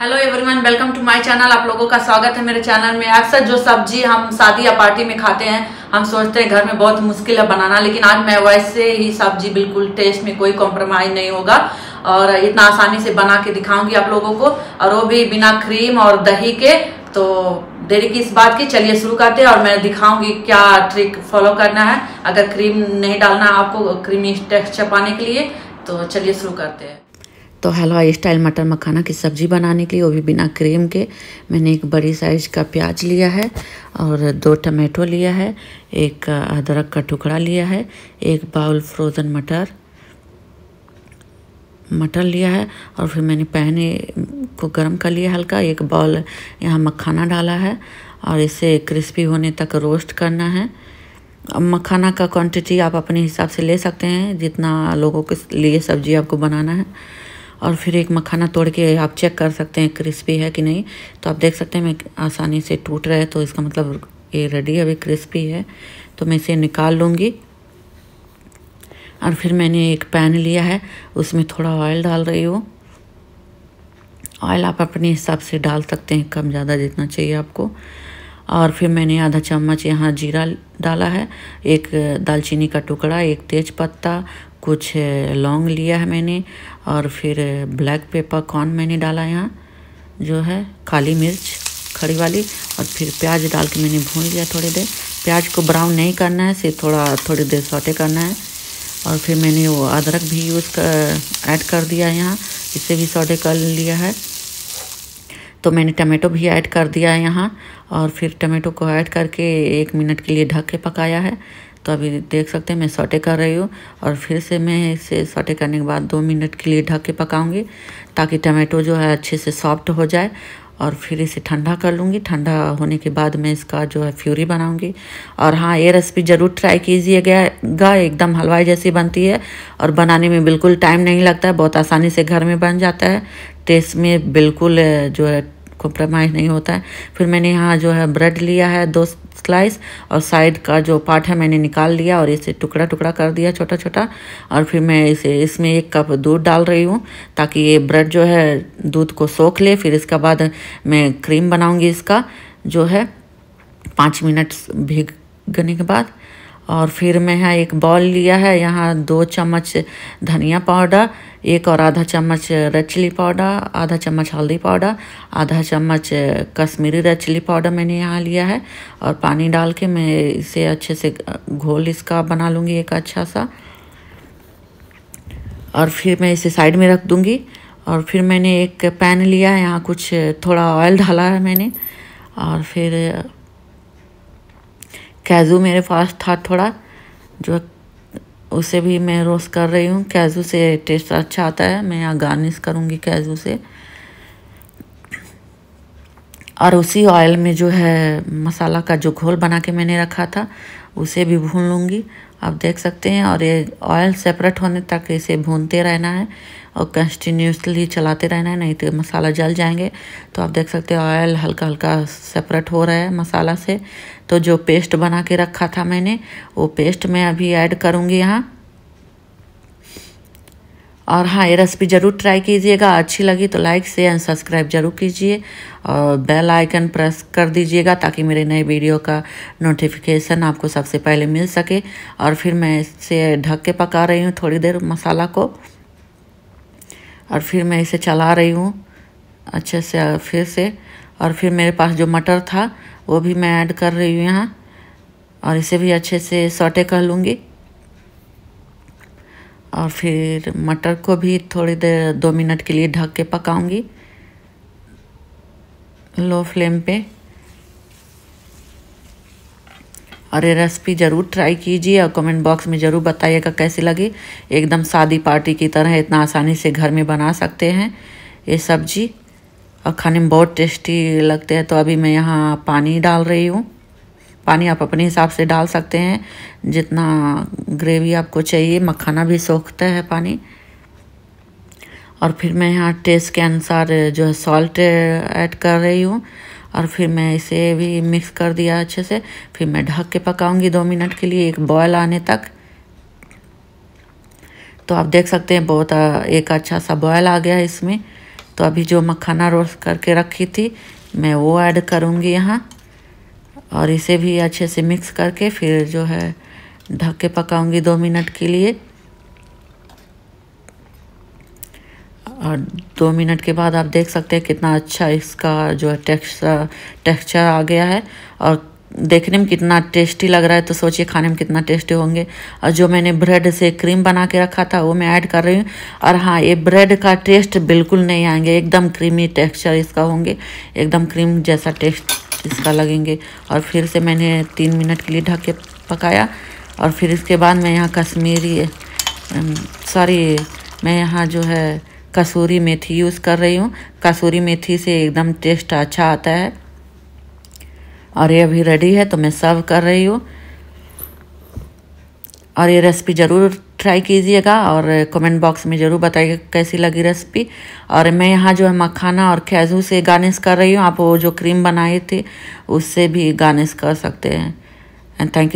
hello everyone welcome to my channel आप लोगों का स्वागत है मेरे चैनल में अक्सर जो सब्जी हम शादी या पार्टी में खाते हैं हम सोचते हैं घर में बहुत मुश्किल है बनाना लेकिन आज मैं वैसे ही सब्जी बिल्कुल टेस्ट में कोई कॉम्प्रोमाइज नहीं होगा और इतना आसानी से बना के दिखाऊंगी आप लोगों को और वो भी बिना क्रीम और दही के तो देरी की इस बात की चलिए शुरू करते हैं और मैं दिखाऊंगी क्या ट्रिक फॉलो करना है अगर क्रीम नहीं डालना आपको क्रीमी टेक्स पाने के लिए तो चलिए शुरू करते हैं तो हलवाई स्टाइल मटर मखाना की सब्ज़ी बनाने के लिए वो भी बिना क्रीम के मैंने एक बड़ी साइज़ का प्याज लिया है और दो टमाटो लिया है एक अदरक का टुकड़ा लिया है एक बाउल फ्रोज़न मटर मटर लिया है और फिर मैंने पैन को गर्म कर लिया हल्का एक बाउल यहाँ मखाना डाला है और इसे क्रिस्पी होने तक रोस्ट करना है मखाना का क्वांटिटी आप अपने हिसाब से ले सकते हैं जितना लोगों के लिए सब्जी आपको बनाना है और फिर एक मखाना तोड़ के आप चेक कर सकते हैं क्रिस्पी है कि नहीं तो आप देख सकते हैं मैं आसानी से टूट रहा है तो इसका मतलब ये रेडी अभी क्रिस्पी है तो मैं इसे निकाल लूँगी और फिर मैंने एक पैन लिया है उसमें थोड़ा ऑयल डाल रही हूँ ऑयल आप अपने हिसाब से डाल सकते हैं कम ज़्यादा जितना चाहिए आपको और फिर मैंने आधा चम्मच यहाँ जीरा डाला है एक दालचीनी का टुकड़ा एक तेज पत्ता कुछ लौंग लिया है मैंने और फिर ब्लैक पेपर कॉर्न मैंने डाला यहाँ जो है काली मिर्च खड़ी वाली और फिर प्याज डाल के मैंने भून लिया थोड़ी देर प्याज को ब्राउन नहीं करना है सिर्फ थोड़ा थोड़ी देर सौटे करना है और फिर मैंने वो अदरक भी यूज़ कर ऐड कर दिया यहाँ इसे भी सौटे कर लिया है तो मैंने टमाटो भी ऐड कर दिया है यहाँ और फिर टमाटो को ऐड करके एक मिनट के लिए ढक के पकाया है तो अभी देख सकते हैं मैं सोटे कर रही हूँ और फिर से मैं इसे सोटे करने के बाद दो मिनट के लिए ढक के पकाऊंगी ताकि टमाटो जो है अच्छे से सॉफ्ट हो जाए और फिर इसे ठंडा कर लूँगी ठंडा होने के बाद मैं इसका जो है फ्यूरी बनाऊँगी और हाँ ये रेसिपी ज़रूर ट्राई कीजिएगा एकदम हलवाई जैसी बनती है और बनाने में बिल्कुल टाइम नहीं लगता है बहुत आसानी से घर में बन जाता है टेस्ट में बिल्कुल जो है कॉम्प्रोमाइज़ नहीं होता है फिर मैंने यहाँ जो है ब्रेड लिया है दो स्लाइस और साइड का जो पार्ट है मैंने निकाल लिया और इसे टुकड़ा टुकड़ा कर दिया छोटा छोटा और फिर मैं इसे इसमें एक कप दूध डाल रही हूँ ताकि ये ब्रेड जो है दूध को सोख ले फिर इसके बाद मैं क्रीम बनाऊँगी इसका जो है पाँच मिनट भीगने के बाद और फिर मैं यहाँ एक बॉल लिया है यहाँ दो चम्मच धनिया पाउडर एक और आधा चम्मच रेड चिली पाउडर आधा चम्मच हल्दी पाउडर आधा चम्मच कश्मीरी रेड चिली पाउडर मैंने यहाँ लिया है और पानी डाल के मैं इसे अच्छे से घोल इसका बना लूँगी एक अच्छा सा और फिर मैं इसे साइड में रख दूँगी और फिर मैंने एक पैन लिया है यहाँ कुछ थोड़ा ऑयल डाला है मैंने और फिर कैज़ू मेरे पास था थोड़ा जो उसे भी मैं रोस्ट कर रही हूँ कैज़ू से टेस्ट अच्छा आता है मैं यहाँ गार्निश करूँगी कैज़ू से और उसी ऑयल में जो है मसाला का जो घोल बना के मैंने रखा था उसे भी भून लूँगी आप देख सकते हैं और ये ऑयल सेपरेट होने तक इसे भूनते रहना है और कंटिन्यूसली चलाते रहना है नहीं तो मसाला जल जाएंगे तो आप देख सकते हैं ऑयल हल्का हल्का सेपरेट हो रहा है मसाला से तो जो पेस्ट बना के रखा था मैंने वो पेस्ट मैं अभी ऐड करूँगी यहाँ और हाँ ये रेसिपी ज़रूर ट्राई कीजिएगा अच्छी लगी तो लाइक शेयर एंड सब्सक्राइब जरूर कीजिए और बेल आइकन प्रेस कर दीजिएगा ताकि मेरे नए वीडियो का नोटिफिकेशन आपको सबसे पहले मिल सके और फिर मैं इसे ढक के पका रही हूँ थोड़ी देर मसाला को और फिर मैं इसे चला रही हूँ अच्छे से फिर से और फिर मेरे पास जो मटर था वो भी मैं ऐड कर रही हूँ यहाँ और इसे भी अच्छे से सोटे कर लूँगी और फिर मटर को भी थोड़ी देर दो मिनट के लिए ढक के पकाऊंगी लो फ्लेम पे और ये रेसिपी ज़रूर ट्राई कीजिए और कमेंट बॉक्स में ज़रूर बताइएगा कैसी लगी एकदम शादी पार्टी की तरह इतना आसानी से घर में बना सकते हैं ये सब्जी और खाने में बहुत टेस्टी लगते हैं तो अभी मैं यहाँ पानी डाल रही हूँ पानी आप अपने हिसाब से डाल सकते हैं जितना ग्रेवी आपको चाहिए मखाना भी सोखता है पानी और फिर मैं यहाँ टेस्ट के अनुसार जो है सॉल्ट ऐड uh, कर रही हूँ और फिर मैं इसे भी मिक्स कर दिया अच्छे से फिर मैं ढक के पकाऊंगी दो मिनट के लिए एक बॉयल आने तक तो आप देख सकते हैं बहुत uh, एक अच्छा सा बॉयल आ गया इसमें तो अभी जो मखाना रोस्ट करके रखी थी मैं वो ऐड करूँगी यहाँ और इसे भी अच्छे से मिक्स करके फिर जो है ढक के पकाऊंगी दो मिनट के लिए और दो मिनट के बाद आप देख सकते हैं कितना अच्छा इसका जो है टेक्सचर टेक्स्चर आ गया है और देखने में कितना टेस्टी लग रहा है तो सोचिए खाने में कितना टेस्टी होंगे और जो मैंने ब्रेड से क्रीम बना के रखा था वो मैं ऐड कर रही हूँ और हाँ ये ब्रेड का टेस्ट बिल्कुल नहीं आएंगे एकदम क्रीमी टेक्सचर इसका होंगे एकदम क्रीम जैसा टेस्ट इसका लगेंगे और फिर से मैंने तीन मिनट के लिए ढक के पकाया और फिर इसके बाद मैं यहाँ कश्मीरी सॉरी मैं यहाँ जो है कसूरी मेथी यूज़ कर रही हूँ कसूरी मेथी से एकदम टेस्ट अच्छा आता है और ये अभी रेडी है तो मैं सर्व कर रही हूँ और ये रेसिपी ज़रूर ट्राई कीजिएगा और कमेंट बॉक्स में ज़रूर बताइएगा कैसी लगी रेसिपी और मैं यहाँ जो है मखाना और खैजू से गार्निश कर रही हूँ आप वो जो क्रीम बनाई थी उससे भी गार्निश कर सकते हैं एंड थैंक यू